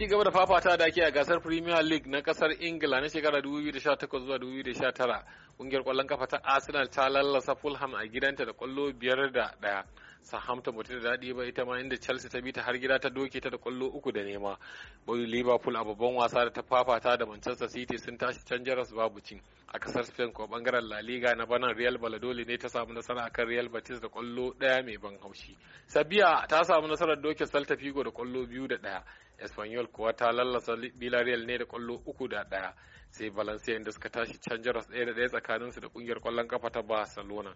ci gaba da fafata da ake a gasar Premier League na kasar Ingila na shekarar 2018 zuwa 2019. Kungiyar kwallon kafa ta Arsenal ta lallasa Fulham a gidanta da kwallo biyar da daya. Southampton bata da daɗi ba ita ma inda Chelsea ta bi ta har gida ta doke ta da kwallo uku da nema. Boyu Liverpool a babban wasa da ta fafata da Manchester City sun tashi can jaras babu cin. A kasar Spain ko bangaren La Liga na bana Real Valladolid ne ta samu nasara akan Real Betis da kwallo ɗaya mai ban haushi. Sabia ta samu nasarar doke Celta Figo da kwallo biyu da ɗaya. espanyol kuwa ta lallasa villarreal ne da kwallo uku da daya sai valencia inda suka tashi can jaras ɗaya da ɗaya su da kungiyar kwallon kafa ta barcelona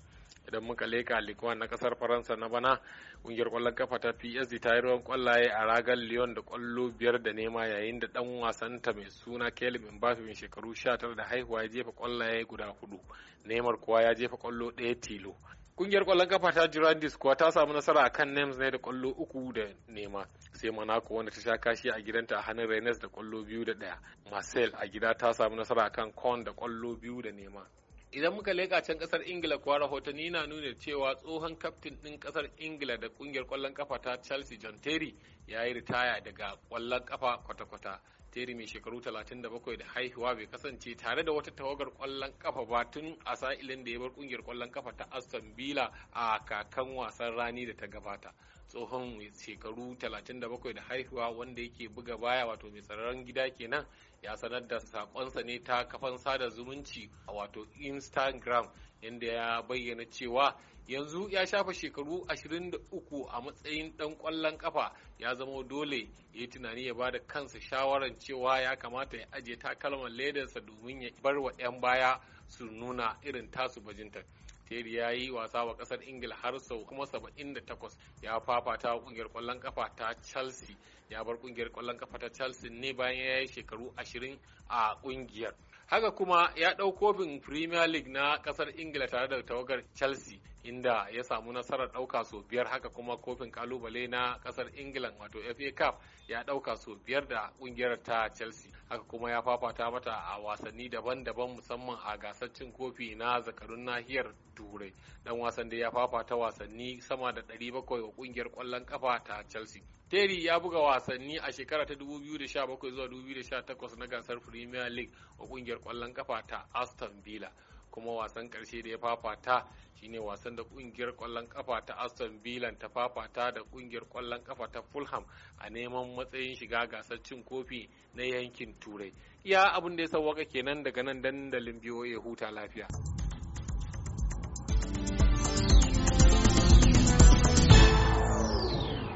idan muka leka likuwa na kasar faransa na bana kungiyar kwallon kafa ta psd ta yi ruwan kwallaye a ragar lyon da kwallo biyar da nema yayin da dan wasanta mai suna kelvin mbappe mai shekaru 19 da haihuwa ya jefa kwallaye guda hudu neymar kuwa ya jefa kwallo ɗaya tilo Kungiyar kwallon kafa ta Girondis kuwa ta samu nasara a kan Nems ne da kwallo uku da nema. Sai Monaco wanda ta sha kashi a gidanta a hannun Rennes da kwallo biyu da ɗaya. Marcel a gida ta samu nasara a kan Corn da kwallo biyu da nema. Idan muka leƙa can kasar Ingila kuwa rahotanni na nuna cewa tsohon kaftin din kasar Ingila da kungiyar kwallon kafa ta Chelsea John Terry ya yi ritaya daga kwallon kafa kwata-kwata. teri mai shekaru 37 da haihuwa bai kasance tare da wata tawagar kwallon kafa ba tun a sa'ilin da ya bar kungiyar kwallon kafa ta aston villa a kakan wasan rani da ta gabata tsohon mai shekaru 37 da haihuwa wanda yake buga baya wato mai tsararren gida kenan ya sanar da sakonsa ne ta kafan sada zumunci a wato instagram inda ya bayyana cewa yanzu ya shafa shekaru 23 a matsayin dan kwallon kafa ya zama dole ya yi tunani ya ba da kansa shawarar cewa ya kamata ya ajiye takalman ledarsa domin ya bar wa 'yan baya su nuna irin tasu bajinta teri ya yi wasa wa kasar Ingila har sau kuma 78 ya fafata kungiyar kwallon kafa ta Chelsea ya bar kungiyar kwallon kafa ta Chelsea ne bayan ya yi shekaru 20 a kungiyar. haka kuma ya ɗau kofin premier league na ƙasar ingila tare da tawagar chelsea inda ya samu nasarar ɗauka sau biyar haka kuma kofin kalubale na ƙasar England wato FA Cup ya ɗauka sau biyar da ƙungiyar ta Chelsea haka kuma ya fafata mata a wasanni daban-daban musamman a gasar cin kofi na zakarun nahiyar Turai dan wasan da ya fafata wasanni sama da 700 wa ƙungiyar ƙwallon kafa ta Chelsea Terry ya buga wasanni a shekara ta 2017 zuwa 2018 na gasar Premier League wa ƙungiyar ƙwallon kafa ta Aston Villa kuma wasan karshe da ya fafata shine wasan da kungiyar kwallon kafa ta Aston Villa ta fafata da kungiyar kwallon kafa ta Fulham a neman matsayin shiga gasar cin kofi na yankin Turai. Iya abin da ya sauwaka kenan daga nan dandalin ya huta lafiya.